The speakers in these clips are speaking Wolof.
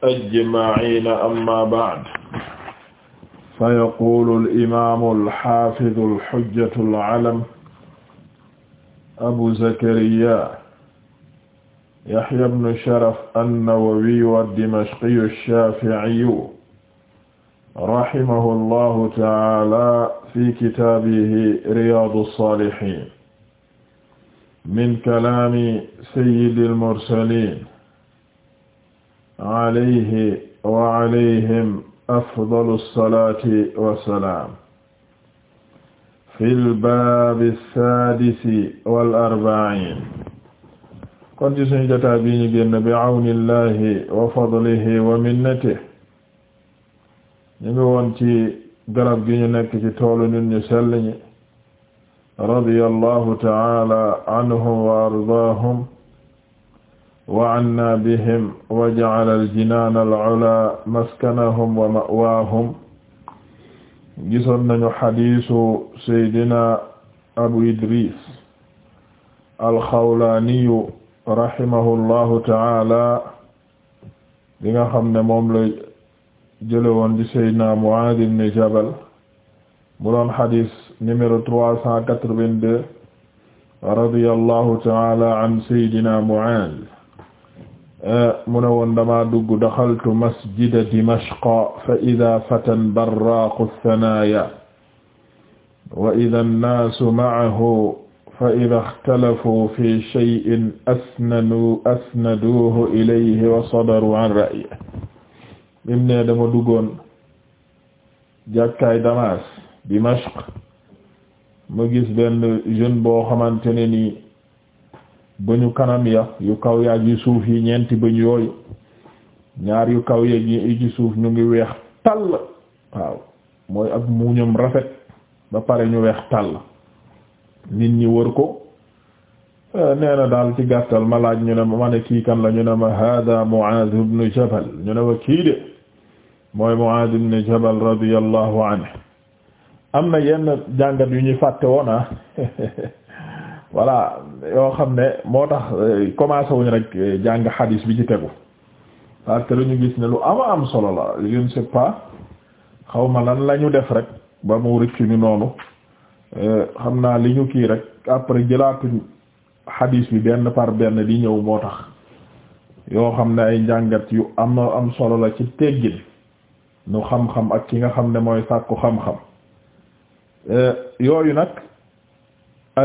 ajma'iin amma ba'd fa yaqulu al-imaamu al-haafidu al-hujjatu al-alam abu zakariyaa yahya ibnu sharaf an-nawawiyyu ad-dimashqiyyu ash-shaafi'iyyu rahimahu llahu ta'aala fi kitaabihi riyaadu as-saalihiin min kalaami sayyidi al-mursaliin alayhi wa alayhim afdalu salaati wa salaam. fil baabi saadisi wal arba'iin. kon ci sunu jotaay bi ñu génn bi awnillahi wa fadlihi wa minnatihi. ñu ngi woon ci garab gi ñu nekk ci toolu ñun ñu sell ñi. radiyallahu ta'ala anhum wa ardaahum. وعنا بهم وجعل الجنان العلا مسكنهم ومأواهم gisoon nañu xadiisu saydina abu idris alxawlaaniyu rahimahullahu taala li nga xam ne moom la jëlewoon di saydina muaad ibn jabal mu doon xadiis numéro trois cent quatre-vingt-deux radiyallahu taala an saydina muaad mu ne woon dama dugg daxaltu masjida dimashqa fa ida fatan barraaqu thanaaya wa ida annaasu maahu fa ida ixtalafu fi shay'in asnadu asnaduuhu ilayhi wa sadaru an ra'yihi bim ne dama duggoon jàkkaay Damas Dimashq mu gis benn jeune boo xamante ne nii bëñu kanam ya yu kaw yaag yu suuf yi ñeenti bëñ yooyu ñaar yu kaw yeeg yi suuf ñu ngi weex tàll waaw mooy ak muuñam rafet ba pare ñu weex tàll nit ñi wër ko eh, nee na daal ci gàttal ma laaj ñu ne ma ne kii kan la ñu ne ma hada Muaz ibn Jabal ñu ne ma kii de mooy Muaz Jabal radiyallahu anhu am na yenn jàngat yu ñuy fàtte woona ah. voilà yoo xam ne moo tax euh, commencé wuñu rek euh, jàng xadiis bi ci tegu parce que lañu gis ne lu ama am solo la je ne pas xaw ma lan la def rek ba mu rëccu ni noonu euh, xam naa li ñu kii rek après jëlaatuñ xadiis bi benn par benn di ñëw moo tax yoo xam ne ay njàngat yu am am solo la ci teggin nu xam-xam ak ki nga xam ne mooy sàkku xam-xam yooyu nag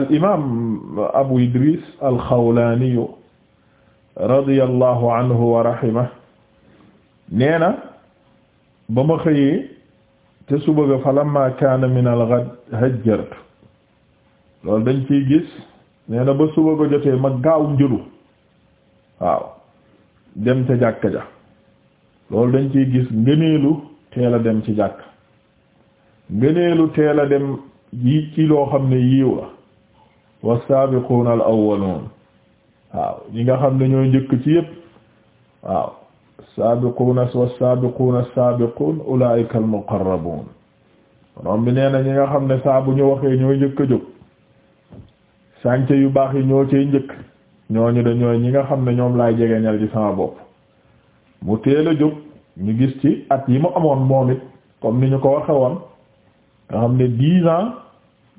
al imaam Abu Idris al Xawlaani radiyallahu anhu wa rahima nee na ba ma xëyee te suba ga falamma kaana min al ghad hajjartu loolu dañ ciy gis nee na ba suba ga jotee ma gaaw njëlu waaw dem ca jàkka ja loolu dañ ciy gis ngëneelu teel a dem ci jàkk ngëneelu teel a dem yi ci loo xam ne yiiw la. was-saabiquuna al-awwaluun waaw ñi nga xam ne ñooy njëkk ci yépp waaw as-saabiquuna was-saabiquuna as-saabiquun ulaa'ika al-muqarrabuun rom bi nee na ñi nga xam ne saa bu ñu waxee ñooy njëkk a jóg sànce yu baax yi ñoo cay njëkk ñooñu de ñooy ñi nga xam ne ñoom laay ñal ci sama bopp mu teel a jóg ñu gis ci at yi mu amoon moom it comme ni ñu ko waxe nga xam ne dix ans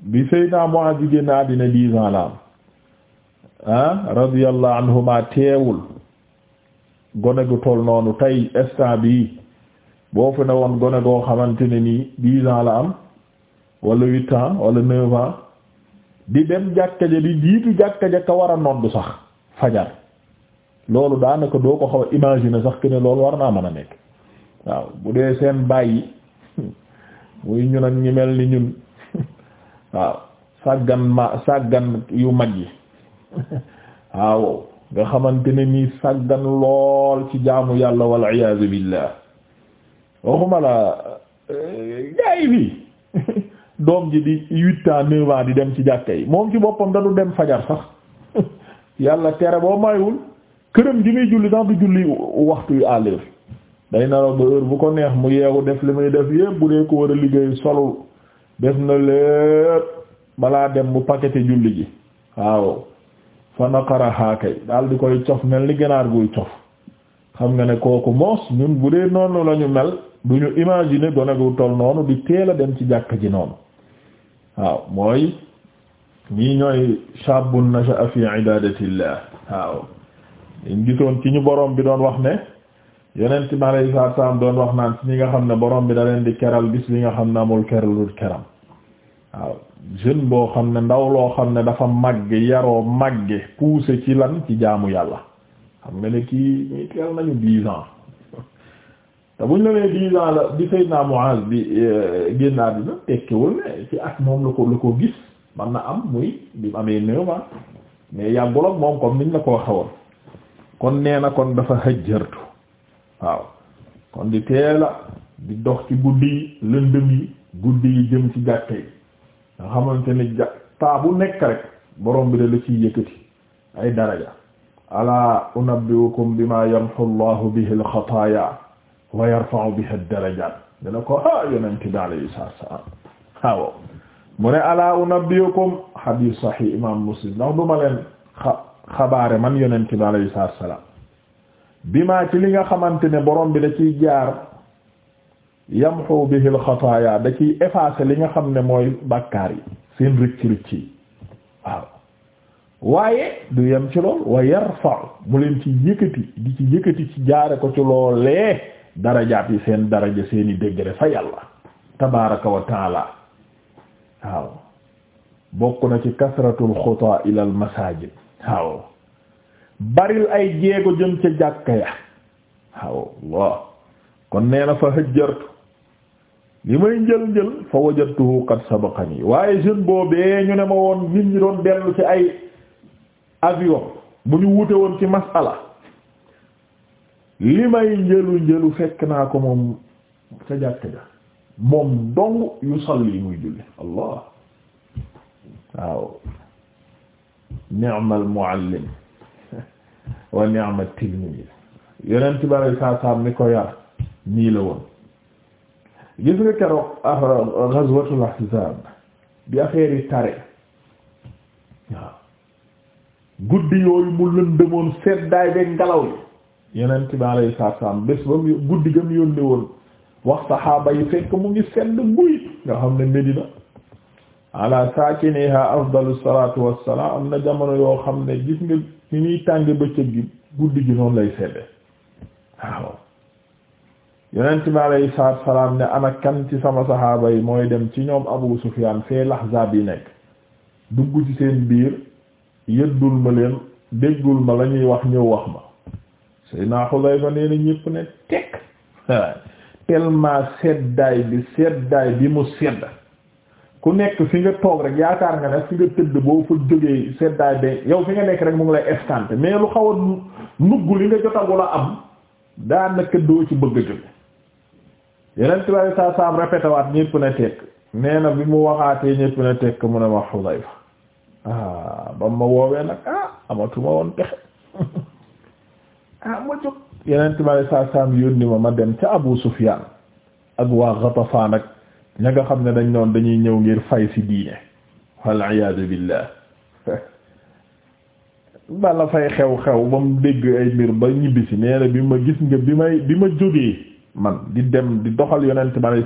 bi Seydina Muaaz bi génn àddina dix la am ah radiyallahu anhuma teewul gone gu toll noonu tey instant bi boo fi ne woon gone goo xamante ne nii dix ans la am wala huit ans wala neuf ans di dem jàkka ja di jiitu jàkka ja ka war a noddu sax fajar loolu daanaka doo ko xaw a sax que ne loolu war naa mën a nekk waaw bu dee seen bàyyi muy ñun ak ñi mel ni ñun. waaw sàggan ma sàggan yu mag yi waaw nga xamante ne nii sàggan lool ci jaamu yàlla wal iyaazu billah waxuma la eh, gaay bi doom ji di huit ans di dem ci jàkka yi moom ci boppam da du dem fajar sax yàlla tere boo maywul këram ji muy julli sax du julli waxtu yu à l'heure day naraw ba heure bu ko neex mu yeewu def li muy def yépp bu dee ko war a liggéey solul def na lépp balaa dem bu pakete julli ji waaw fa naqara haakay daal di koy cof mel ni ganaar guy cof xam nga ne kooku moos ñun bu dee noonu la ñu mel du ñu imaginer gone gu noonu di teel a dem ci jàkk ji noonu waaw mooy ñii ñooy shaabun nasha'a fi ibadatillah waaw ñu gisoon ci ñu borom bi doon wax ne yeneen ci malay saa saam doon wax naan ci ñi nga xam ne borom bi da leen di keral bis li nga xam ne amul keralul keram waaw jeune boo xam ne ndaw loo xam ne dafa màgg yaroo màgge poussé ci lan ci jaamu yàlla xam nga ne kii ñi teel nañu dix ans te buñ la nee dix la di Seydina Muaz bi euh, génn àddina tekkiwul ne ci at moom la ko lu ko gis man na am muy bi mu amee neuf ans mais yàggul ak moom comme niñ la ko waxee woon kon nee na kon dafa hëjjërtu waaw kon di teela di dox ci guddi yi lëndëm yi guddi yi jëm ci jàkke yi xamante ni ja taa bu nekk rek borom bi da la ciy yëkkati ay daraja alaa unabbiukum bima yamhu allahu bihi alxataaya wa yarfa'u bihi ad-darajaat da la ko ha yonente bi alayhi salaam waaw mu ne alaa unabbiukum hadith sahih imam muslim ndax duma leen xa xabaare man bi alayhi salaam bi maa ci li nga xamante ne borom bi da ciy jaar yamxu bihi al-xataaya da ciy effacer li nga xam ne mooy bàkkaar yi seen rëcc rëcc yi waaw waaye du yem ci lool wa yarfa mu leen ci yëkkati di ci yëkkati ci jaare ko ci loolee darajaat yi seen daraja seeni degré fa yàlla tabaaraka wa waaw bokk na ci kasratul xutaa ila al waaw baril ay jéego jëm ca jàkka ya waaw Allah kon nee na fa hajjartu li may njël njël fa wajadtuhu qad sabaqani waaye jeune boobee ñu ne ma woon nit ñi doon dellu ci ay avion bu ñu wute woon ci masala li may njëlu njëlu fekk naa ko moom ca jàkka ja moom dong yu salli muy julli Allah waaw ni'mal muallim wa ni'ma tilmiiz yeneen ci bari saa saam ni ko yar nii la woon gis nga keroog ah, ghazwatul ahzab bi affaire yi tare waaw guddi yooyu saa saam bés ba guddi ga mu yónni woon wax saxaaba yi fekk mu ngi sedd guy nga xam ne Medina ala saakiniha afdalu salaatu wassalaam am na jamono yoo xam ne gis nga ni ñuy tànge bëccëg gi guddi gi noonu lay sedde waaw yonent bi alayhi salaatu salaam ne ana ci sama saxaaba yi mooy dem ci ñoom Abu Sufyaan fee Lahzaab yi nekk dugg ci seen biir yëddul ma leen déggul ma la ñuy wax ñëw wax ma Seydina Xudayfa nee na ñépp ne tekk seddaay bi seddaay bi mu sedd ku nekk fi nga toog rek yaakaar nga ne fi nga tëdd boo fa jógee seddaay ba yow fi nga nekk rek mu ngi lay escanté mais lu xaw a nugg li nga jotagul a am daanaka doo ci bëgg a jóge yeneen tubaab yi bi mu waxaatee ñépp na tekk mu ne ma Xudayfa ah, ba ma woowee nag ah amatuma woon pexe ah ma jóg yeneen tubaab yi saa saam yónni ma ma dem ca Abu Sufyaan ak waa Ghatafaan ak ña nga xam ne dañ doon dañuy ñëw ngir fay ci diine wal iyaadu billah bala fay xew xew ba mu dégg ay mbir ba ñibbisi nee na bi ma gis nga bi may bi ma jógee man di dem di doxal yonent ma lay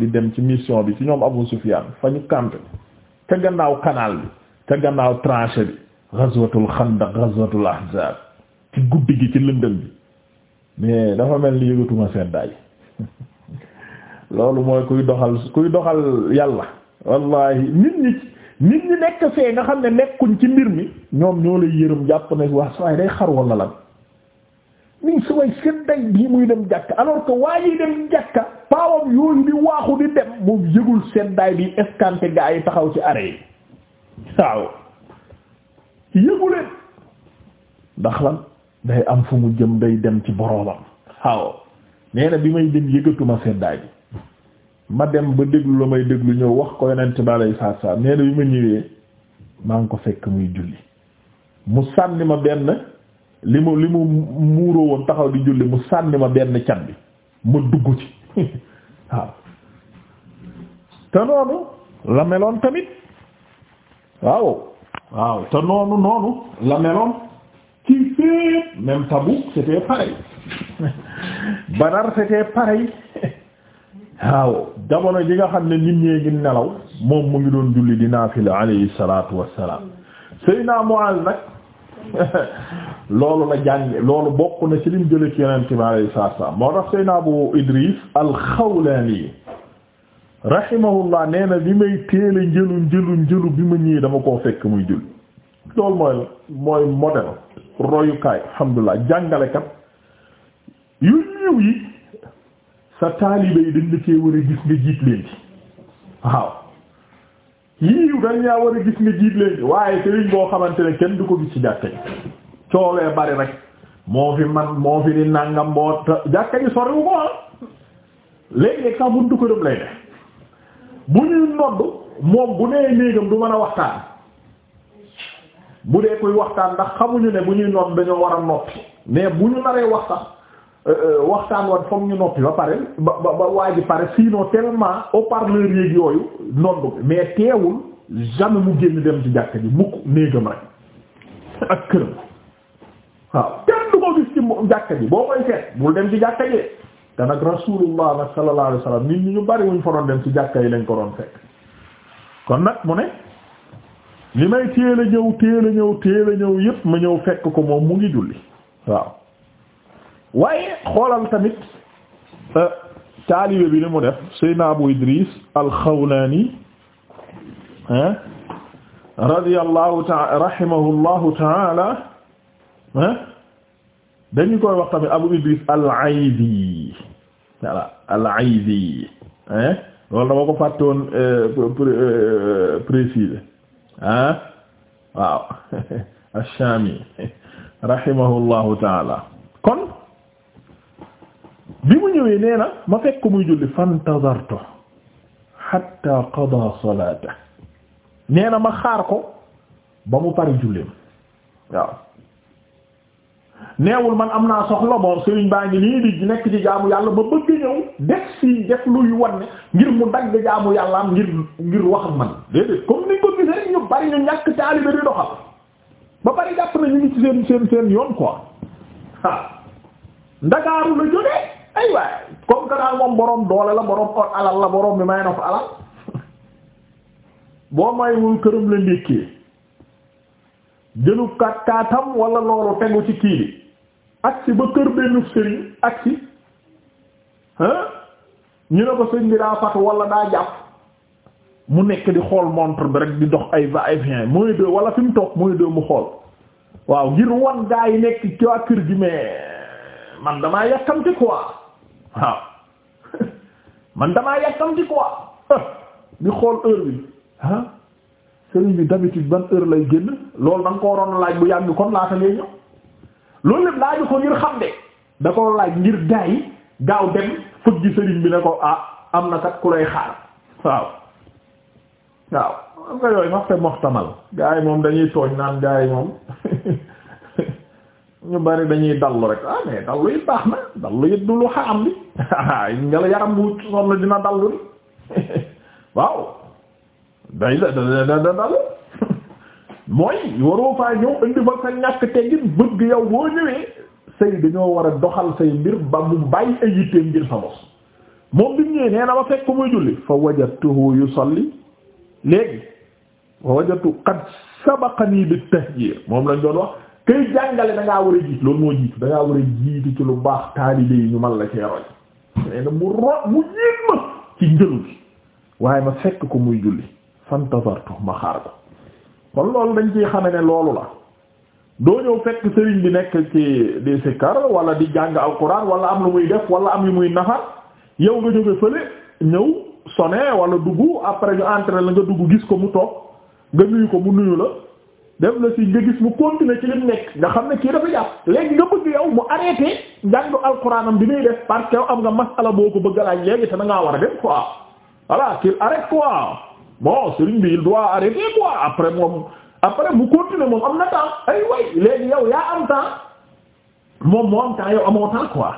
di dem ci mission bi ci ñoom Abu Sufyaan fa ñu campé ca gannaaw canal bi ca gannaaw tranchée bi ghazwatul xandaq ghazwatul ahzab ci guddi gi ci lëndëm bi mais dafa mel ni yëgatuma seddaay loolu mooy kuy doxal kuy doxal yàlla wallahi nit ñi nit ñi nekk fee nga xam ne nekkuñ ci mbir mi ñoom ñoo lay yërëm jàpp ne waa sawaay day xar wala lan ni su way seen day muy dem jàkka alors que waa yi dem jàkka paawam yooyu di waaxu di dem moom yëgul seen day bi escanté gaa yi taxaw ci arrêt yi waaw yëguleen ndax lan day am fu mu jëm day dem ci boroomam waaw nee bi may dem yëgatuma seen day bi ma dem ba déglu la may déglu ñëw wax ko yonent bi alayhi salaatu salaam nee na bi ma ñëwee maa ngi ko fekk muy julli mu sànni ma benn li mu li mu muuroo woon taxaw di julli mu sànni ma benn cat bi ma dugg ci waaw te noonu meloon tamit waaw waaw te noonu noonu la meloon ci fépp même Tabuk c'était pareil Badar c'était pareil waaw jamono ji nga xam ne nit ñee ngi nelaw moom mu ngi doon julli di naafila alayhi salaatu wassalaam Seydina Muaz nag loolu la jàng loolu bokk na ci lim jële ci yonent bi alayhi moo tax Seydina Abu Idris al-Xawlaani rahimahullah nee na bi may téele njëlu njëlu njëlu bi ma ñëwee dama koo fekk muy julli loolu mooy mooy modèle royukaay alhamdulilah jàngalekat yu ñëw yi sa taalibe yi dañ la cee war a gis nga jiit leen ci waaw yiiw dañ laa war a gis nga jiit leen ci waaye sëriñ boo xamante ne kenn du ko gis ci jàkka yi coolee bari rek moo fi man moo fi di nàngam moo jàkka yi soriwu ko ah. léegi-léeg sax buntu këram lay def bu ñuy nodd moom bu nee néegam du mën a waxtaan bu dee koy waxtaan ndax xamuñu ne bu ñuy nodd dañoo war a noppi mais bu ñu naree wax Euh, waxtaan wan foog ñu noppi ba pare ba ba ba waa ji pare sinon tellement haut-parleur yéeg yooyu nondu mais teewul jamais mu génn dem ci jàkk ji mukk néegam rek ak këram waaw kenn du ko gis ci jàkk ji boo koy seet bul dem ci jàkk ji te nag rasulullah nag sallallahu alayhi nit ñu bari wuñ fa doon dem ci jàkka yi lañ ko doon fekk kon nag mu ne li may téel a ñëw téel a ñëw téel a ñëw yépp ma ñëw fekk ko moom mu ngi julli waaw waaye xoolal tamit euh, taalibe bi ni mu def Seydina Abu Idris al-Xawlaani ah radiyallahu ta'ala rahimahullahu ta'ala ah dañu koy wax tamit Abu Idris al-Aydi voilà al-Aydi ah loolu dama ko fàtte woon euh, euh, préciser ah waaw ash-Shaami rahimahullahu ta'ala kon bi mu ñëwee nee na ma fekk ko muy julli fantazartu hatta qada salata nee na ma xaar ko ba mu pare julleem waaw neewul man am naa soxla bon sëriñ baa ngi nii di nekk ci jaamu yàlla ba bëgg ñëw def si def luy wanne ngir mu dagg jaamu yàllaam ngir ngir wax man déedéet comme ni ko gisee ñu bari ñu ñàkk taalibe di doxal ba bari jàpp na ñu seen seen yoon quoi ah ndakaaru la jógee aywa comme que daal moom borom doole la borom or alal la borom bi may na alal boo maywul këram la ndékkee jënu kat kaatam wala loolu tegu ci kii bi agsi ba kër benn sëriñ agsi ah ñu ne ko sëñ bi daa fat wala daa jàpp mu nekk di xool montre bi rek di dox ay va et mooy de wala fi mu toog mooy de mu xool waaw ngir wan gaa yi nekk ci waa kër gi mais man damaa yàkkamte quoi waaw man damaa yàkkamti quoi ah, di xool heure bi ah sëriñ bi d'habitude ban heure lay génn lool da nga ko laaj bu yàgg kon laata ngay ñëw loolu lépp laaju ko ngir xam de da ko laaj ngir gaa gaaw dem fëgg gi sëriñ bi ne ko ah am na kat ku lay xaar waaw waaw am nga yooyu maxte moxtamal gaa yi moom dañuy tooñ naan gaa yi moom ñu bari dañuy dallu rek ah mais dallu it baax na dallu it du lu xaam li nga la yaram bu sonn dina dallu li waaw day da da da dallu mooy waroo faa ñëw indi ba sa ñàkk teggin bëgg yow boo ñëwee sëy dañoo war a doxal say mbir ba mu bàyyi ay ngir sa bos moom bi mu ba fekk ko muy julli fa wajadtuhu yusalli léegi fa wajadtu qad sabaqani bit tahjir moom lañ doon wax kay jàngale da ngaa war a jiit loolu moo jiitu da war a jiitu ci lu baax taalibe yi ñu man la cee roy na mu ro mu jiit ma ci njëlu bi waaye ma fekk ko muy julli fantazartu ma xaar ko kon loolu dañ ci xame ne loolu la doo ñëw fekk sëriñ bi nekk ci di sikkar wala di jàng alquran wala am la muy def wala am lu muy nafar yow nga jóge fële ñëw sone wala dugg après ñu entrer la nga dugg gis ko mu toog nga nuyu ko mu nuyu la def la si nga mu continuer ci lim nekk nga xam ne kii dafa jàpp léegi nga bëgg yow mu arrêté njàngu alxuraanam bi muy def parce que am nga masala boo ko bëgg a laaj léegi te da ngaa war a dem quoi voilà qu'il arrête quoi bon sëriñ bi il doit arrêter quoi après moom après mu continuer moom am na temps ay way léegi yow yaa am temps moom moo am temps yow amoo temps quoi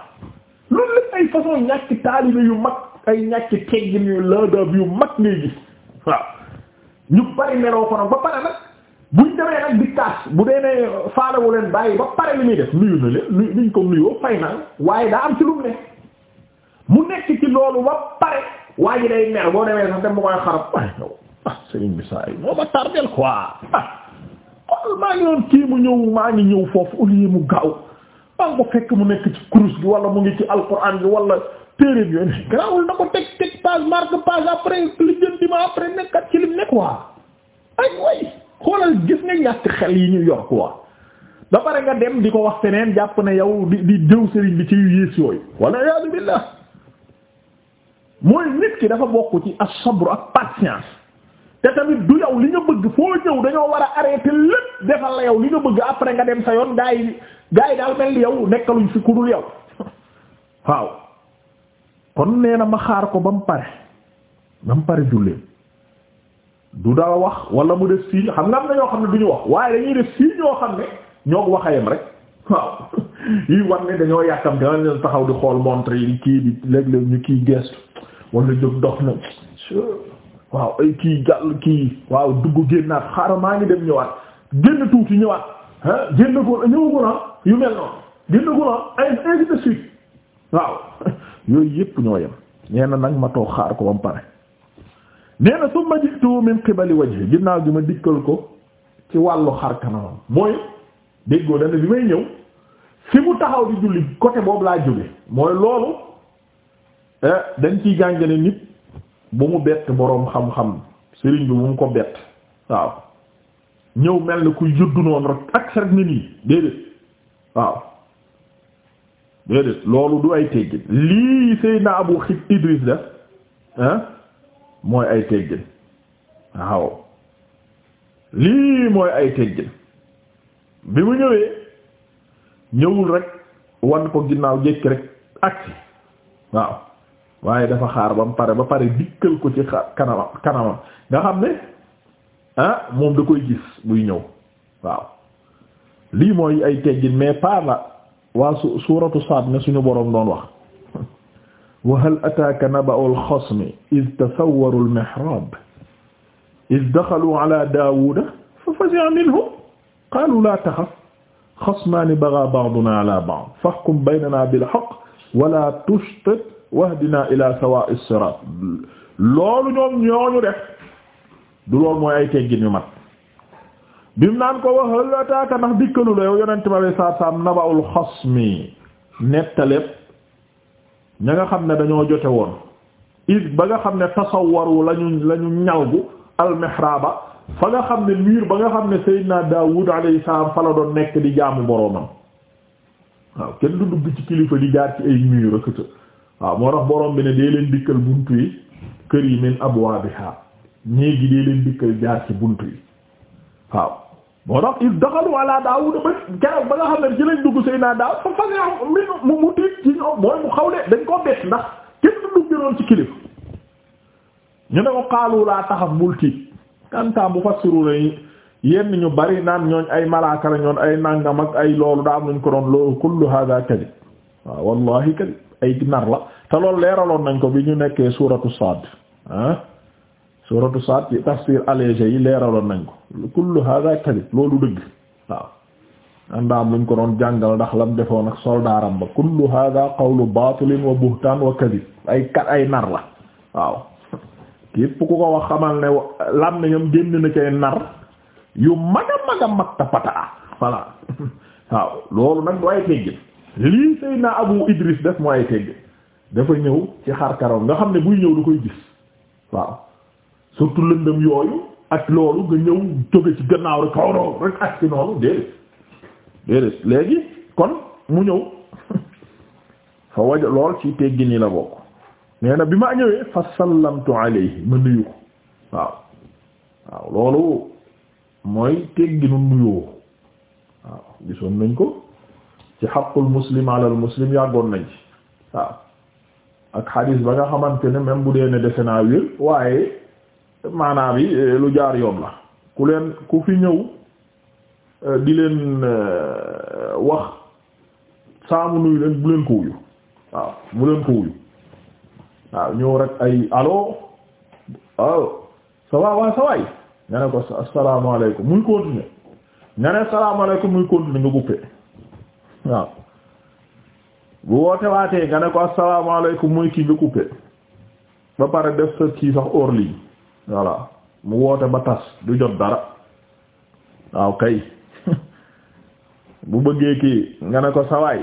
loolu lépp ay façon ñàkk taalibe yu mag ay ñàkk teggin yu laadab yu mag ngay gis waaw ñu bari meroo ko nag ba pare nag buñ demee nag di kaas bu dee ne faalewu leen bàyyi ba pare li muy def nuyu na leen nuñ ko nuyoo fay na waaye daa am ci lu mu ne mu nekk ci loolu ba pare waa ji day mer boo demee sax dem ba koy xarab waaye yow ah Serigne bi saa yi moo ma tardel ah, maa ngi doon kii mu ñëw maa ngi ñëw foofu au mu gaaw maa ngi ko fekk mu nekk ci kurus gi wala mu ngi ci alquran bi wala téere bi yooyu garaawul na ko teg teg page marque page après li jëndi ma après nekkat ci lim ne quoi xoolal gis nga ñàkk xel yi ñu yor quoi da pare nga dem di ko wax feneen jàpp ne yow di di jëw sëriñ bi ci yu yées yooyu wala iyaazu billah mooy nit ki dafa bokk ci as-sabr ak patience te tamit du yow li nga bëgg foo ñëw dañoo war a arrêté lépp defal la yow li nga bëgg après nga dem sa yoon gaa yi gaa yi daal mel ni yow nekkaluñ fi ku dul yow waaw kon nee ma xaar ko ba mu pare ba mu pare julleen du dara wax wala mu def siiñ xam nga am na ñoo xam ne du ñu wax waaye dañuy def siiñ ñoo xam ne ñoo waxayam rek waaw yi war ne dañoo yàkkam dana taxaw di xool montre yi kii bi léeg ñu kii gestu wala jóg dox na waaw kii jàll kii waaw dugg génnaat xaaral maa ngi dem ñëwaat génn tuuti ñëwaat ah génn ko yu mel noonu génn ko ah ñoo yem ñeena nag ma toog xaar ko ba pare. nee na summa ji'tu min ginnaaw gi ma dikkal ko ci wàllu xar kanamam mooy déggoo dana bi may ñëw fi mu taxaw di julli côté boobu laa jóge mooy loolu eh, dañ ciy gàngane nit bu mu bett boroom xam-xam sëriñ bi bu mu ko bett waaw ñëw mel ni kuy juddu noonu rek ak sa rek nit yi déedéet waaw déedéet loolu du ay teggin lii Seydina Abu Idris def ah mooy ay teggin waaw lii mooy ay teggin bi mu ñëwee ñëwul rek wan ko ginnaaw jékki rek agsi waaw waaye dafa xaar ba mu pare ba pare dikkal ko ci kanamam kanamam nga xam ne ah moom da koy gis buy ñëw waaw lii mooy ay teggin mais pas la waa su suuratu Saad ne suñu boroom doon wax wa hal ataaka naba'ul xasmi iz tasawwarul mihraab iz daxaluu alaa daawuuda fa fazi'a minhum qaaluu laa taxaf xasmaani bagaa ba'dunaa alaa ba'd fahkum baynanaa bil haqq wa laa tushtit wahdinaa ilaa sawaa'is siraat loolu ñoom ñooñu def du loolu mooy ay teggin yu mat bim naan ko wa hal ataaka ndax dikkalu la yow yonent bi alayhi salaam naba'ul xasmi nettaleeb ña nga xam ne dañoo jote woon it ba nga xam ne tasawwaru lañu lañu ñalgu almihraba fa nga xam ne mur ba nga xam ne Seydina Daawud alayhi salaam fa la doon nekk di jaamu boroomam waaw kenn du dugg ci kilifa di jaar ci ay mur ak waaw moo tax borom bi ne dee leen dikkal buntu yi kër yi min abwaabiha néegi dee leen dikkal jaar ci buntu yi waaw moo tax il daxalu ala Daawuda ba ba nga xam ne ci lañ dugg Seydina Daawuda fa façon mi mu mu ci ñoom mooy mu xawle dañ ko bett ndax kenn du gënoon ci kilifa ñu ne ko xaalu laa taxaf bul tiit kantaa mu fassiru na yenn ñu bari naan ñooñ ay malaaka la ñoon ay nàngam ak ay loolu daa am nañ ko doon loolu kullu hada kadib waaw wallahi kadib ay nar la te loolu leeraloon nañ ko bi ñu nekkee suuratu Saad ah suratu Saad ci tafsir allégé yi leeraloon nañ ko kullu hada kadib loolu dëgg waaw andaam luñ ko doon jàngal ndax lam defoon ak soldaaram ba kullu hada qawlu batilin wa buhtan wa kadib ay kat ay nar la waaw képp ku ko wax xamal ne lam nañam génn na cay nar yu mag a mag a mag ta pataa voilà waaw loolu nag du ay teggin lii sëy naa Abu Idris def mu ay teggin dafa ñëw ci xar nga xam ne buy ñëw du koy gis waaw surtout lëndëm yooyu ak loolu nga ñëw jóge ci gannaaw rek xaw rek ak ci noonu déedéet déedéet léegi kon mu ñëw fa waja lool ci teggi nii la bokk nee bi ma ñëwee fa sallamtu alayhi ma nuyu ko waaw waaw loolu mooy tegginu nuyoo waaw gisoon nañ ko ci xaqul muslim ala al muslim yàggoon nañ ci waaw ak xadiis ba nga xamante ne même bu dee ne defe naa wér waaye maanaa bi eh, lu jaar yoon la ku leen ku fi ñëw eh, di leen eh, wax saamu nuyu leen bu leen ko wuyu waaw bu leen ko wuyu waaw ñëw rek ay allo waaw ça nga ne ko asalaamaaleykum muy continuer nga ne asalaamaaleykum muy continuer nga guppee waaw bu woote waatee nga ne ko asalaamaaleykum muy kii nga coupé ba pare def sa kii sax hors voilà mu woote ba tas du jot dara waaw kay bu bëggee kii nga ne ko sawaay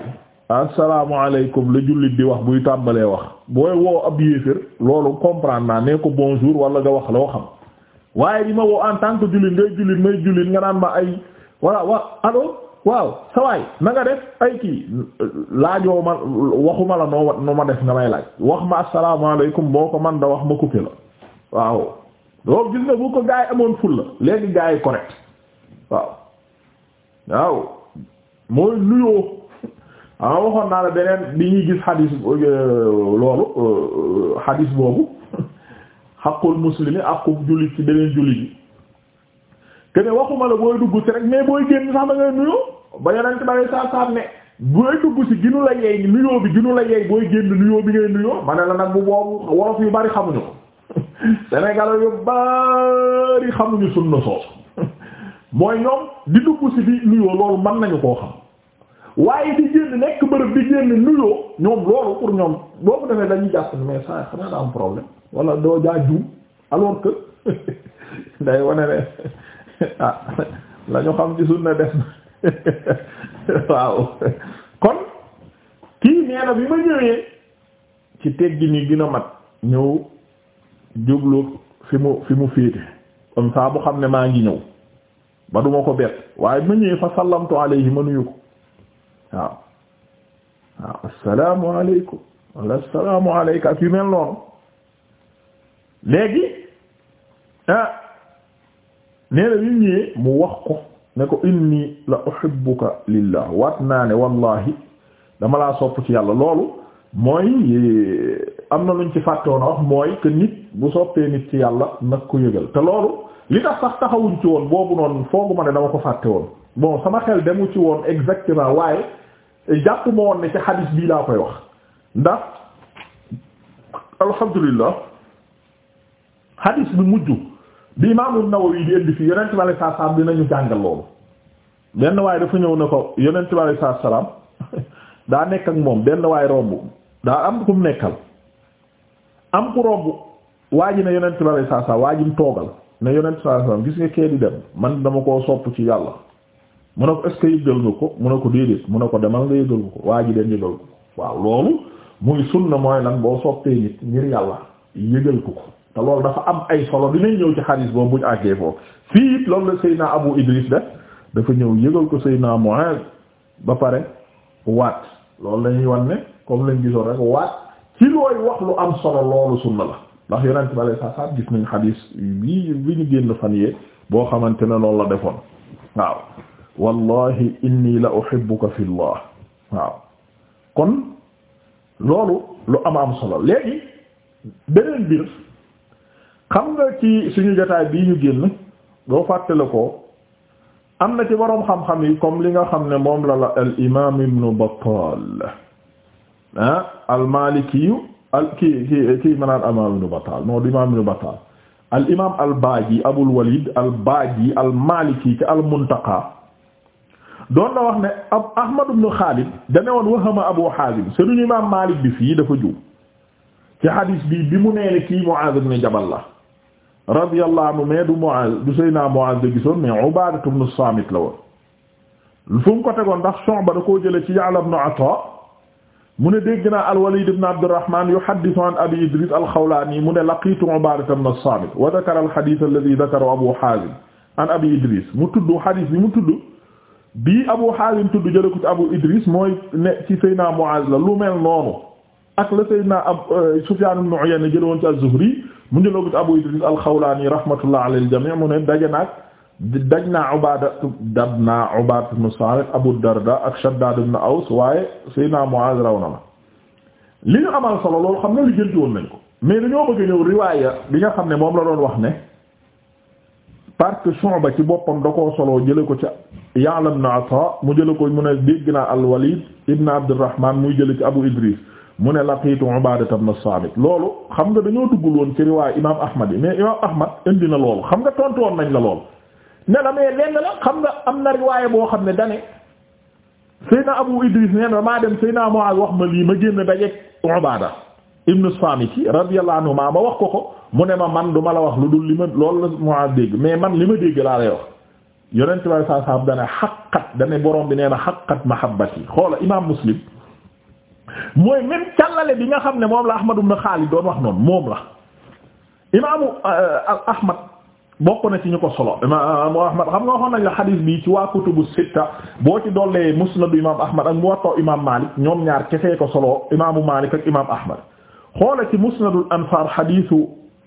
assalaamu alaykum la jullit di wax buy tàmbalee wax booy woo ab yéefér loolu comprendre naa nee ko bonjour walla nga wax loo xam waaye di ma woo en tant que jullit ngay jullit may jullit nga naan ma ay wala wa allo waaw sawaay na nga def ay kii laajoo ma waxuma la noo no ma def nga may laaj wax ma assalaamu alaykum boo ko man da wax ma coupé la waaw loolu gis nga ko gaa yi amoon fulla léegi gaa yi correct waaw waaw mooy nuyoo ah waxoon naa la beneen bi ñuy gis xadis euh, loolu euh, xadis boobu xaqul muslimi aqu jullit ci beneen jullit yi kene waxuma la booy dugg ci rek mais booy génn sax da ngay nuyoo ba yonent ba ngay saab saab ne booy dugg ci ginu la yeey nuyoo bi ginu la yeey booy génn nuyoo bi ngay nuyoo ma la nag bu boobu wolof yu bari xamuñu ko sénégalais yu bari xamuñu sunna soosu mooy ñoom di dugg ci di nuyoo loolu mën nañu koo xam waaye di génn nekk bërëb di génn nuyoo ñoom loolu pour ñoom boo ko defee dañuy jàpp ne mais ça xanaa daa am problème wala doo jaa juum alors que wane ne ah la xam ci sunna def waaw kon kii nee na bi ma ñëwee ci teggi ni gën mat ñëw jublu fi mu fi mu féete comme ça bu xam ne maa ngi ñëw ba duma ko bett waaye ma ñëwee fa sallamtu alayhi ma nuyu ko waaw waaw assalaamu alaykum wala assalaamu alayka ak yu mel noonu léegi ah nee na yu mu wax ko ne ko inni la uhibbuka lillah waat naa ne wallahi dama laa sopp ci yàlla loolu mooy am na lu ñu ci fàttewoon a wax mooy que nit bu soppee nit ci yàlla nag ko yëgal te loolu li tax sax taxawuñ ci woon boobu noonu foogu ma ne dama ko fàtte woon bon sama xel demu ci woon exactement waaye jàpp ma woon ne ci xadis bii laa koy wax ndax alhamdulillah xadis bi mujj bi Imaam An-Nawawi di indi fi yonent bi alayhi salaam dinañu jàngal loolu benn waaye dafa ñëw ne ko yonent bi alayhi salaam daa nekk ak moom benn waaye romb daa am ku mu nekkal am ku romb waa ji ne yonent bi saa salaatu waa ji mu toogal ne yonent bi alayhi salaam gis nga kee di dem man dama koo sopp ci yàlla mu ne ko est yëgal nga ko mu ne ko déedéet mu ne ko demal nga yëgal ko waa ji dem yëgal ko waaw loolu muy sunna mooy lan boo soppee nit ngir yàlla yëgal ko ko te loolu dafa am ay solo dinañ ñëw ci xadiis boobu buñ àggee foofu fii it loolu la Seydina Abu Idris def dafa ñëw yëgal ko naa Muaz ba pare waat loolu la ñuy wan ne comme lañ gisoon rek waat. ci looy wax lu am solo loolu sunna la ndax yonent bi saa saa gis nañ xadiis bi bi ñu génn fan yee boo xamante ne loolu la defoon waaw wallahi inni la uhibbuka fillah waaw kon loolu lu am am solo léegi beneen biir xam nga ci suñu jotaay bii ñu génn doo fàttale ko am na ci boroom xam-xam yi comme li nga xam ne moom la la al imaam ibnu Battaal ah al-Malikiyu al kii kii kii ma naan imaam Ibn Battal non du imaam Ibn Battal al imaam al-Baaji Abul Walid al-Baaji al-Maliki ci al-Muntaqa doon na wax ne ab Ahmad ibn Khalid da ne woon wahama Abu Hazim sëriñu imaam Malik bi fii dafa jiw ci hadis bi bi mu nee ne kii Mu'az ibn Jabal la radiyallahu anhu mais du Mu'az du Seydina Mu'az de gisoon mais Ubaadatu ibn Saamit la woon fu mu ko tegoon ndax Shu'ba da koo jëlee ci Ya'la ibn Ata mu ne dégg naa al-Walid ibn Abdurrahman yuhaddithu an Abi Idris al-Khawlani mu ne laqitu Ubaadata ibn as-Saamit wa dhakara al-hadith alladhi dhakarahu Abu Haazim an Abi Idris mu tudd hadith bi mu tudd bii Abu Haazim tudd jële ko ci Abu Idris mooy ne ci Seydina Muaaz la lu mel noonu ak la Seydina euh, Sufyaan ibn Uyayna jële woon ci az-Zuhri mu jële ko ci Abu Idris al-Khawlani rahmatullah alal jamii' mu ne daje naag daj naa Ubaada dab naa Ubaada ibn Saamit Abu Darda ak Shaddaad ibn Aws waaye Seydina Muaaz raw na la li ñu amal solo loolu xam nga li jënti woon nañ ko mais dañoo bëgg ñëw riwaaya bi nga xam ne moom la doon wax ne parce que Shu'ba ci boppam da koo soloo jële ko ci Ya'la ibn Ataa mu jële ko mu ne dégg naa al-Waliid ibn Abdurrahmaan muy jële ci Abu Idriis mu ne laqiitu Ubaada ibn Saamit loolu xam nga dañoo duggul woon ci riwaaya imaam Ahmad yi mais imaam Ahmad indi na loolu xam nga tontu nañ la lool ne la mais lenn la xam nga am na riwaaye boo xam ne dane Seyna Abu Idris neen damaa dem Seyna Muaz wax ma lii ma génn dajeek Ubaada ibnu Saamiti radiyallahu anhu ma ma wax ko ko mu ne ma man du ma la wax lu dul li ma loolu la Muaz dégg mais man li ma dégg laa lay wax yonent bi saa saam xaqat dane borom bi nee na xaqat mahabbati xoola imaam Muslim mooy même càllale bi nga xam ne moom la Ahmad ibn Xaalid doon wax noonu moom la imaamu euh, Ahmad bokk na ci ñu ko solo imaam Ahmad xam nga waxoon nañ la xadiis bi ci waa kutubu sitta boo ci dollee musnadu imaam Ahmad ak muwatta imaam Maalik ñoom ñaar kese ko solo imaamu Maalik ak imaam Ahmad xoola ci musnadul ansaar xadiisu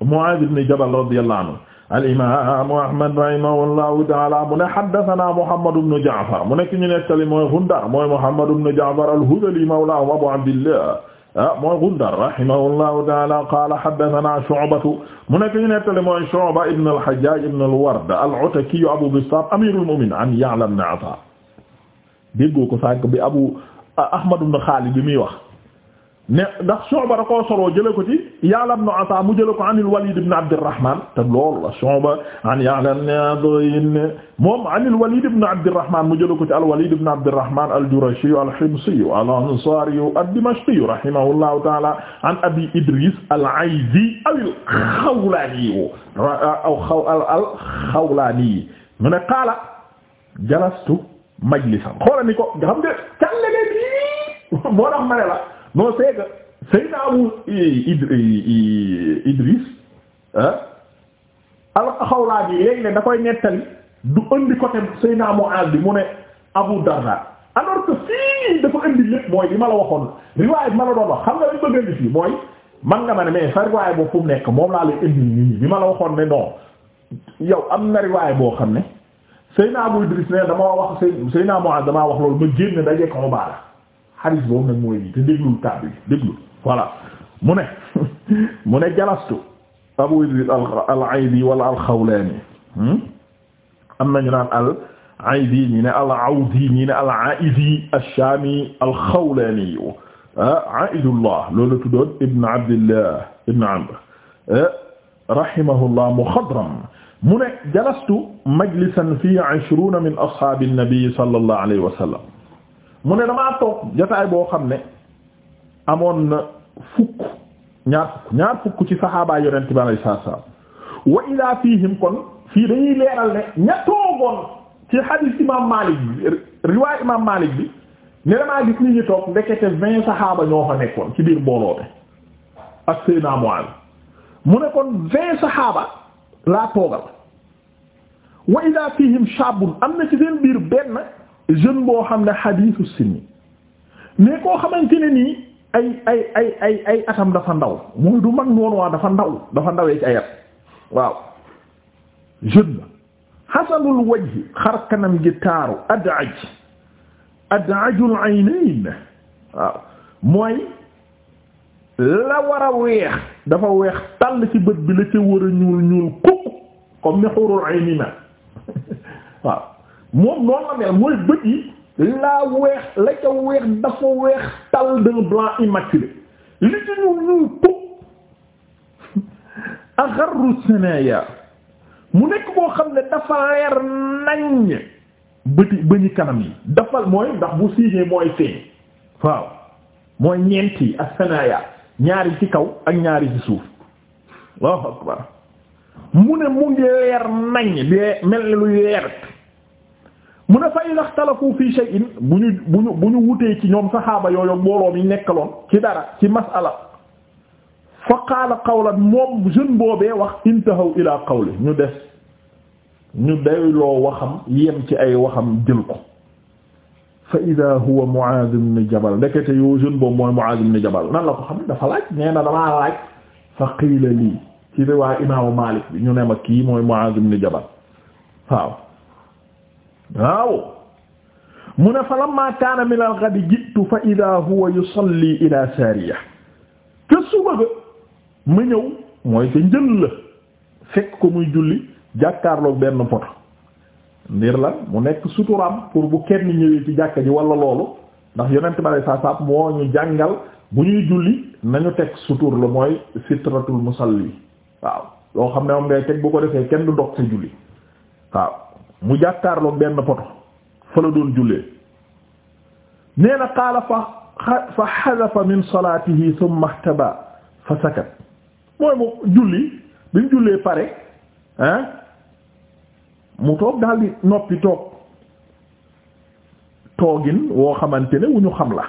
Muaaz ibn Jabal radiyallahu anhu al-imaamu Ahmad rahimahullahu ta'aala mu ne haddasanaa Muhammad ibn Ja'far mu nekk ñu nettali mooy Gundar mooy Muhammad ibn Ja'far al-Hudhali mawlaahum Abu Abdillah ah mooy Gundar rahimahullahu ta'ala qala haddathana Shu'batu mu nekk ñu nettali mooy Shu'ba ibn al-Hajjaj ibn al-Ward al-Ataki Abu Bistam amirul mu'minin an Ya'la ibn Ata déggoo ko sànq bi Abu Ahmad ibn Khalid bi muy wax ne ndax Shu'ba da koo soloo jële ko ci Ya'la ibn Ata mu jële ko an al-Walid ibn Abdurrahman te loolu la Shu'ba an Ya'la moom an al-Walid ibn Abdurrahman mu jële ko ci al-Walid ibn Abdurrahman al-Jurashi al-Himsi al-Ansari ad-Dimashqi rahimahullahu ta'ala an Abi Idris al-Aydi al-Khawlani aw al-Khawlani mu ne qaala jalastu majlisan xoola ni ko nga xam ne moo tax ma ne la non c'est que Seydina Abu Idris ah al-Xawlaa bi léeg-léeg da koy nettali du indi côté Seydina Muaaz bi mu ne Abu Darda alors que fii dafa indi lépp mooy li ma la waxoon riwaay bi ma la doon wax xam nga li bëgg indi fii mooy man nga ma ne mais sa riwaay boobu fu mu nekk moom laa lay indi nii bi ma la waxoon ne non yow am na riwaay boo xam ne Seydina Abu Idris ne dama wax Seydina Muaaz damaa wax loolu ma génn daje baax baala xadis boobu nag mooy lii te déglul kàddu yi déglul voilà mu ne mu ne jalastu abu idris al-aydi wala al-xawlaani hmm? am nañu naan al aydi ñi ne al awdi ñi ne al aidi ash-shaami al-xawlaani ah, aidullah loolu tuddoon ibn abdillah ibn amr ah, rahimahullah muxadram mu ne jalastu majlisan fii ishruuna min ashaabi an-nabi sallallahu alayhi wa sallam mu ne damaa toog jotaay boo xam ne amoon na fukk ñaar fukk ñaar fukk ci saxaabaa yonent bi alayhi salaatu salaam wa ilaa fiihim kon fii dañuy leeral ne ña toogoon ci hadith imaam Maalik bi riwaay imaam Maalik bi ne damaa gis nit ñi toog ndekete vingt saxaaba ñoo fa nekkoon ci biir mbooloo bi ak Seydina Muaaz mu ne kon vingt saxaaba laa toogal wa ilaa fiihim shaabun am na ci seen biir benn. jeune boo xam ne xadiisu sinni mais koo xamante ne nii ay ay ay atam dafa ndaw mooy du mag noonu waa dafa ndaw dafa ndawee ci ay waaw jeune xasanul wajhi xar kanam gi taaru adaj adajul aynayn waaw mooy la war a weex dafa weex tàll ci bët bi la ca war a ñuul ñuul kukk comme ni xurul waaw moom noonu la mel mooy bët yi laa weex la ca weex dafa weex tal d'un blanc immaculé li ci ñu ñuul tub axarru sanaya mu nekk koo xam ne dafa leer naññ bëti bëñi kanam yi dafal mooy ndax bu siigee mooy feeñ waaw mooy ñeent yi ak sanaya ñaari ci kaw ak ñaari ci suuf mu ne mu ngi leer naññ bi mel ni lu leer mu ne fa iza xtalafu fi shay'in bu ñu bu ñu bu wutee ci ñoom saxaaba yooyu mbooloo mi nekkaloon ci dara ci mas'ala fa qaala qawlan moom jeune boobee wax intahaw ila qawli ñu des ñu dayloo waxam yem ci ay waxam jël ko fa ida huwa mu ibn Jabal ndekete yoo jeune boobu mooy Mu'aaz ibn Jabal nan la ko xam dafa laaj nee na damaa laaj fa qiila lii ci riwaa imaamu Maalik bi ñu ne ma kii mooy Mu'aaz ibn Jabal waaw waaw mu ne fa lamma kaana min al-ghadi ji'tu fa idha huwa yusalli ila sariya te suba ga ma ñëw mooy te njël la fekk ko muy julli jàkkaarloog benn poto ndir la mu nekk suturaam pour bu kenn ñëwee ci jàkka ji wala loolu ndax yonent bale saa saab moo ñu jàngal bu ñuy julli nañu teg sutur la mooy sitratul musalli waaw loo xam ne mu ngay teg bu ko defee kenn du dog sa julli waaw mu jàkkaarloog benn poto fa la doon jullee nee qaala fa fa xadafa min salaatihi thumma ihtaba fa sakat mooy mu julli bi mu jullee pare ah mu toog daal noppi toog toogin woo xamante ne wu ñu xam la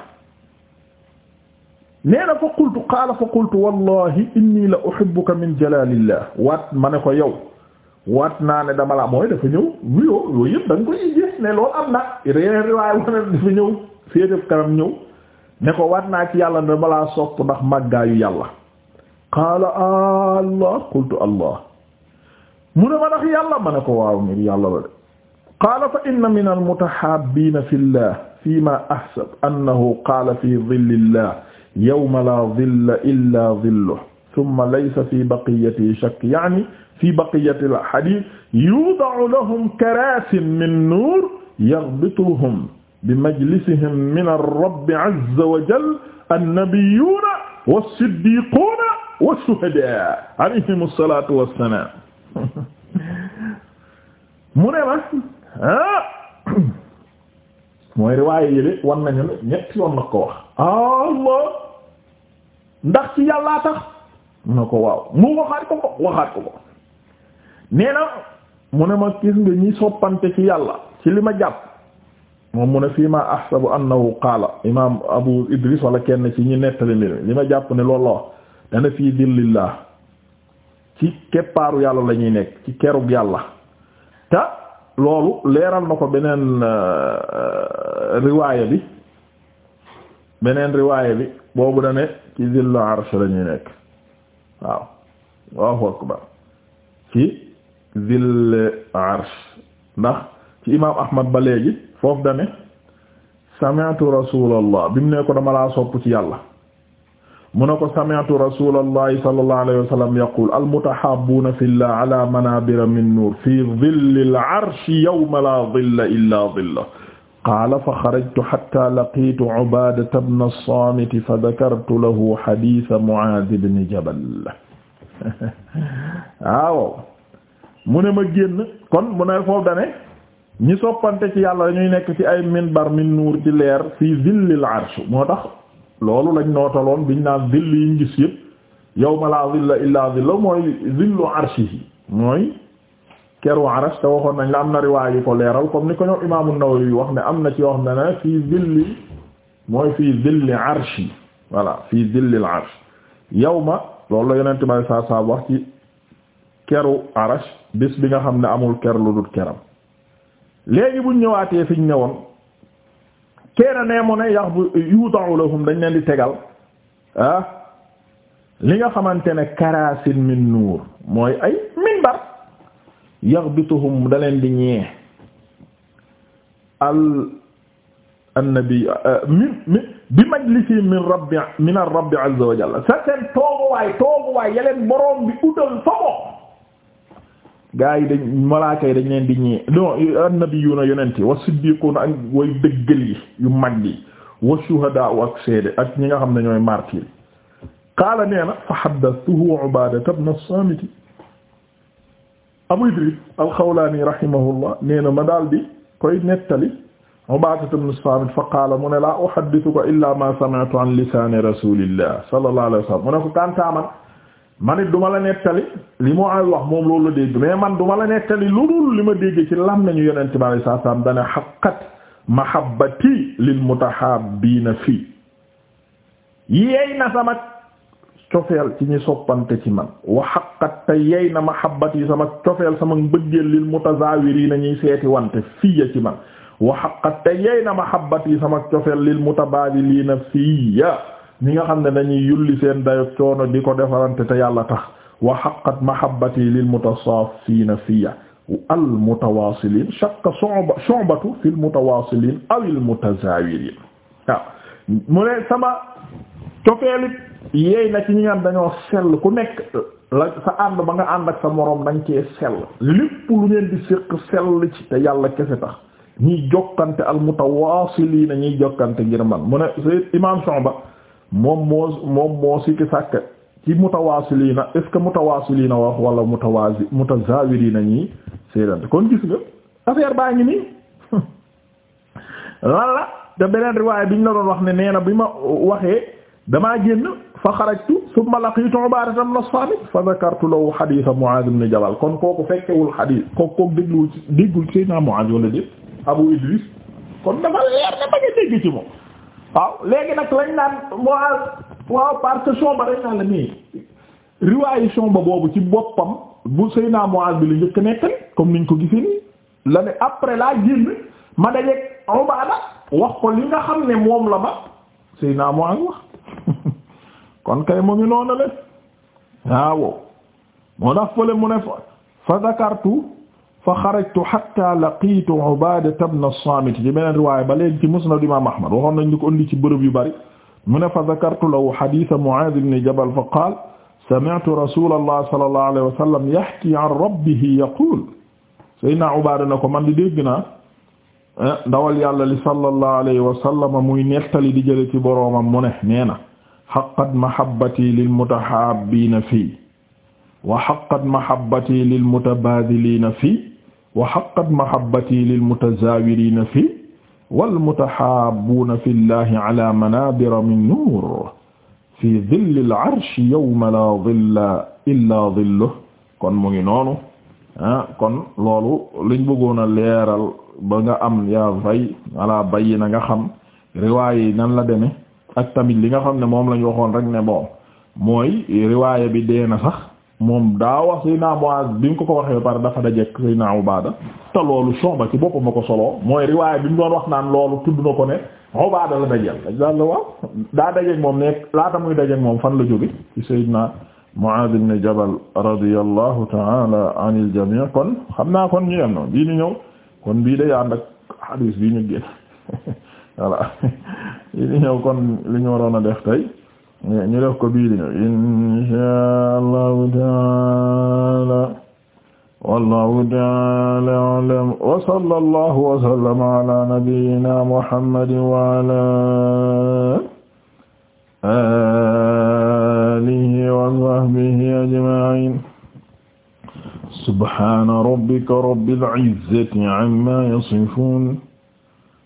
nee na fa qultu qaala fa qultu wallahi inni la uhibbuka min jalaalillah waat ma ne ko yow waat naa ne dama la mooy dafa ñëw wuyoo yooyu da nga koy gis ne loolu am na réer waaye wane dafa ñëw féetef kanam ñëw ne ko waat naa ci yàlla ne dama laa sopp ndax màggaayu yàlla qaala allah qultu allah mu ne ma ndax yàlla ma ne ko waaw ngir yàlla la de qaala min almutahabbiina fi llah fi ma ahsab annahu qaala fi dhillillah yawma la dhilla illa dhilluhu thumma laysa fi baqiyati shakk yaani fi baqiyati al-hadith yuda'u lahum karasin min nur yaghbituhum bi majlisihim min ar-rabb 'azza wa jalla an-nabiyyuna was-siddiquna wash-shuhada alayhim as-salatu was-salam mu ne ma ah mooy riwaaye yële wan nañu ñetti yoon la ko wax Allah ndax ci yàllaa tax na ko waaw mu waxaat ko ko waxaat ko ko nee na mu ne ma gis nga ñi soppante ci yàlla ci li ma jàpp moom mu ne fii ma ahsabu annahu qaala imaam abu idris wala kenn ci ñi nettali mbir mi li ma jàpp ne loolu la dana fii dillillah ci keppaaru yàlla la ñuy nekk ci kerug yàlla te loolu leeral na ko beneen euh, riwaaya bi beneen riwaaya bi boobu da ci zillu arsh la ñuy nekk waaw Allahu akbar ci zil arsh ndax ci imaam Ahmad ba léegi foofu dane sami'tu rasulallah bi mu ne ko dama laa sopp ci yàlla mu ne ko sami'tu rasulallahi sallallahu alayhi wa sallam yaqul almutahabbuuna fillah ala manabira min nuur fi zillil arshi yawma la zilla illa zillah qaala fa xarajtu xatta laqiitu Ubaadata bna mu ne ma génn kon mu ne foofu dane ñi soppante ci yàlla dañuy nekk ci ay minbar min nuur ci leer fii zillil arsh moo tax loolu lañ nootaloon biñ naan zill yi ñu gis yëpp yawma laa zilla illaa zillu mooy zillu arshihi mooy keru aras te waxoon nañ la am na riwaay yu ko leeral kom ni ko ñoom imaamu Nawawi wax ne am na ci yoo xam ne ne fii zilli mooy fii zilli arshi voilà fii zilli al arsh yawma loolu la yonent bay saa saa wax ci keru arash bis bi nga xam ne amul ker lu dul keram léegi buñ ñëwaatee fiñ ñëwoon keena nee mu ne yax bu yuudaxu lahum dañ leen di tegal ah li nga xamante ne karaasin min nuur mooy ay minbar yaxbituhum da leen di ñee al annabi euh, min min bi majlisi min rabbi min rabbi azza wa jalla sa seen tooguwaay tooguwaay yaleen boroom bi utal fa moom gaa yi dañ malaaka yi dañ leen di ñee non annabiyuuna yonent yi wa siddiquuna ak way dëggal yi yu mag yi wa shuhadaa ak seede ak ñi nga xam ne ñooy martyr qaala nee na fa haddathuhu ubaadata ibn as-saamit Abu Idris al-Xawlaani rahimahullah nee na ma daal di koy nettali Ubaadata ibn Saamit fa qaala mu ne laa uhaddithuka illaa maa sami'tu an lisaani rasuulillah sallallahu alayhi wa sallam mu ne ko kantaa man man it du ma la nettali li mu ay wax moom loolu la dégg mais man du ma la nettali lu dul li ma dégg ci lam nañu Yonent bi sallallahu alayhi wa sallam dana haqqat mahabbati lil mutahabbiina fii yey na sama cofeel ci ñi soppante ci man wa haqqat te yey na mahabbati sama cofeel sama mbëggeel lil mutazawirina ñuy seeti wante fiya ci man wa haqqat te yey na mahabbati sama cofeel lil mutabadilina fiya ñi nga xam ne dañuy yulli seen dayo coono di ko defarante te yàlla tax wa haqqat mahabbati lil mutasafina fiya al mutawasilin shaqqa shu'batu fil mutawasilin aw al mutazawirin waaw mu ne sama cofeelit yéey na ci ñi nga dañoo sell ku nekk la sa ànd ba nga ànd ak sa moroom dañ cee sell lépp lu ngeen di séq sell ci te yàlla kese tax ñiy jokkante al mutawaasiliina ñiy jokkante ngir man mu ne Sayyid Imam Shu'ba moom moo moom moo si ki sàkk ci mutawaasiliina est-ce que mutawaasiliina wax wala mutawaazi mutazaawiriina ñi séedante kon gis nga affaire baa ngi nii lan la te beneen riwaay biñ la doon wax ne nee na bi ma waxee damaa génn. fa xarajtu thumma laqitu Ubaadata ibn as-Saamit fa dhakartu lahu hadiisa Muaaz ibn Jabal kon kooku fekkewul hadiis kooku kooku dégluwul ci déggul Seydina Muaaz wala déet Abu Idris kon dafa leer na ba nga dégg ci moom waaw léegi nag lañ naan Muaaz waaw parce que somba dañ naan la nii riwaayu somba boobu ci boppam bu Seydina Muaaz bi la njëkk nekkal comme niñ ko gisee nii la ne après laa génn ma dajeek Ubaada wax ko li nga xam ne moom la ma Seydina Muaaz wax kon kay mu ngi noonu le waaw moo tax fële mu ne fa zakartu fa xarajtu hatta laqiitu Ubaadata ibn as-Saamit ci beneen riwaaya ba léegi ci Musnad imaam Ahmad waxoon nañ ñu ko indi ci bërëb yu bari mu ne fa zakartu lahu hadiisa Muaaz ibn Jabal fa qaala sami'tu rasuulallaah sallallaahu alayhi wa sallam yahkii an rabbihi yaquul Seydina Ubaada na ko man di dégg naa eh, ndawal yàlla li sallallaahu alayhi wa sallam muy nettali di jële ci boroomam mu ne nee na xaqat mahabbati lil mutahabbiina fii wa xaqat mahabbati lil mutabaadiliina fii wa xaqat mahabbati lil mutazaawiriina fii wal mutahabbuuna fillaahi alaa manaabira min nuur fii zillil arshi yawma laa zilla illaa zilluhu kon mu ngi noonu ah kon loolu liñ bëggoon a leeral ba nga am yaa fay ala bayyi na nga xam riwaay yi nan la demee. ak tamit li nga xam ne moom la ñu waxoon rek ne bon mooy riwaaya bi dee na sax moom daa wax Seydina Muaz bi mu ko ko waxee par dafa dajek Seydina Ubaada te loolu Shu'ba ci boppam ma ko solo mooy riwaaya bi mu doon wax naan loolu tudd na ko ne Ubaada la dajeel dañ daan la waaw daa dajeeg moom ne laata muy dajeeg moom fan la jóge ci Seydina Muaz ibn Jabal radiyallahu ta'ala anil jami' kon xam naa kon ñu yem noonu bii ni ñëw kon bii day ànd ak voilà yi di ñëw kon li ñu waroon a def tey ñu def ko bii di ñëw insha allahu taala wallahu taala a'lam wa sallallahu wa sallama ala nabiyyina muhammadin wa ala alihi wa sahbihi ajma'in subhana rabbika rabbil izzati amma yasifun